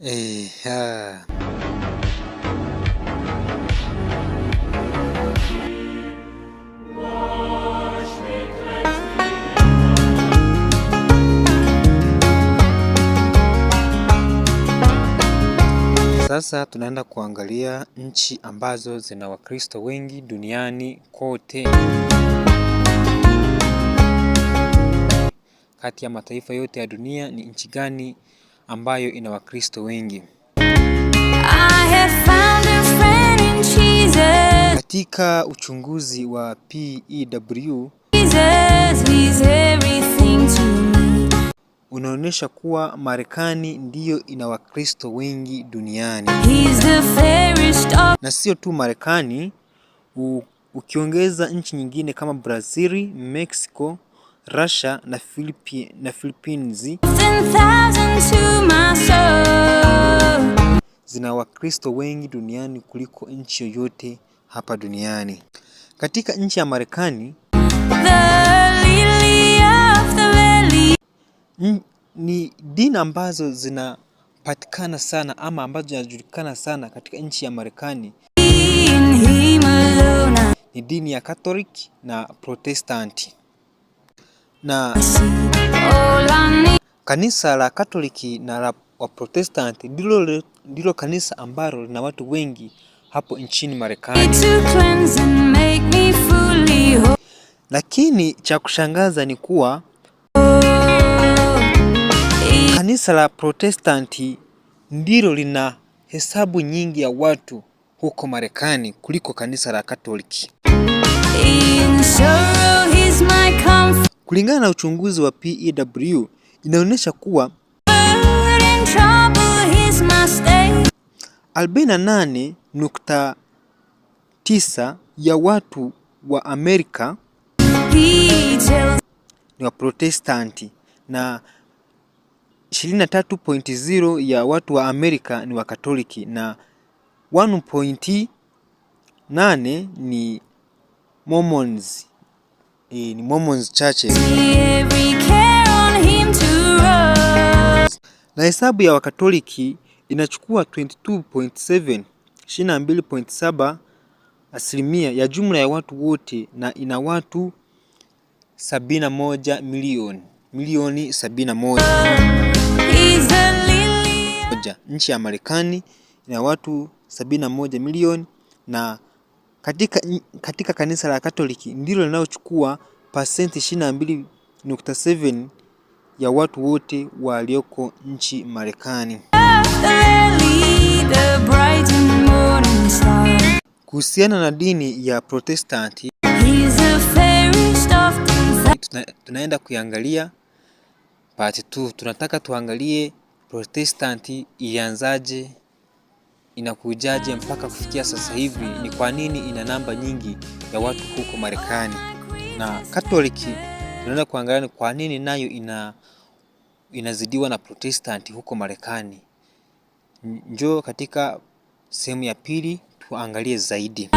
euh... Sasa tunaenda kuangalia nchi ambazo zina Wakristo wengi duniani kote. Kati ya mataifa yote ya dunia ni nchi gani ambayo ina Wakristo wengi. Katika uchunguzi wa PEW unaonyesha kuwa Marekani ndiyo ina Wakristo wengi duniani of... na sio tu Marekani, ukiongeza nchi nyingine kama Brazili, Mexico Russia na Philippines zina Wakristo wengi duniani kuliko nchi yoyote hapa duniani. Katika nchi ya Marekani ni dini ambazo zinapatikana sana ama ambazo zinajulikana sana katika nchi ya Marekani ni dini ya Catholic na Protestanti na kanisa la Katoliki na la Waprotestanti ndilo ndilo kanisa ambalo lina watu wengi hapo nchini Marekani. Lakini cha kushangaza ni kuwa kanisa la Protestanti ndilo lina hesabu nyingi ya watu huko Marekani kuliko kanisa la Katoliki. Kulingana na uchunguzi wa PEW, inaonyesha kuwa arobaini na nane nukta tisa ya watu wa Amerika ni Waprotestanti na 23.0 ya watu wa Amerika ni Wakatoliki na 1.8 ni Mormons. Hii eh, ni Mormons Churches. Na hesabu ya Wakatoliki inachukua 22.7 22.7 asilimia ya jumla ya watu wote na ina watu 71 milioni milioni 71. Nchi ya Marekani ina watu 71 milioni na katika, katika kanisa la Katoliki ndilo linalochukua pasenti 22.7 ya watu wote walioko nchi Marekani. Kuhusiana na dini ya Protestanti tuna, tunaenda kuiangalia part 2. Tunataka tuangalie Protestanti ilianzaje inakujaje mpaka kufikia sasa hivi? Ni kwa nini ina namba nyingi ya watu huko Marekani? Na Katoliki tunaenda kuangalia ni kwa nini nayo ina inazidiwa na Protestanti huko Marekani. Njoo katika sehemu ya pili tuangalie zaidi.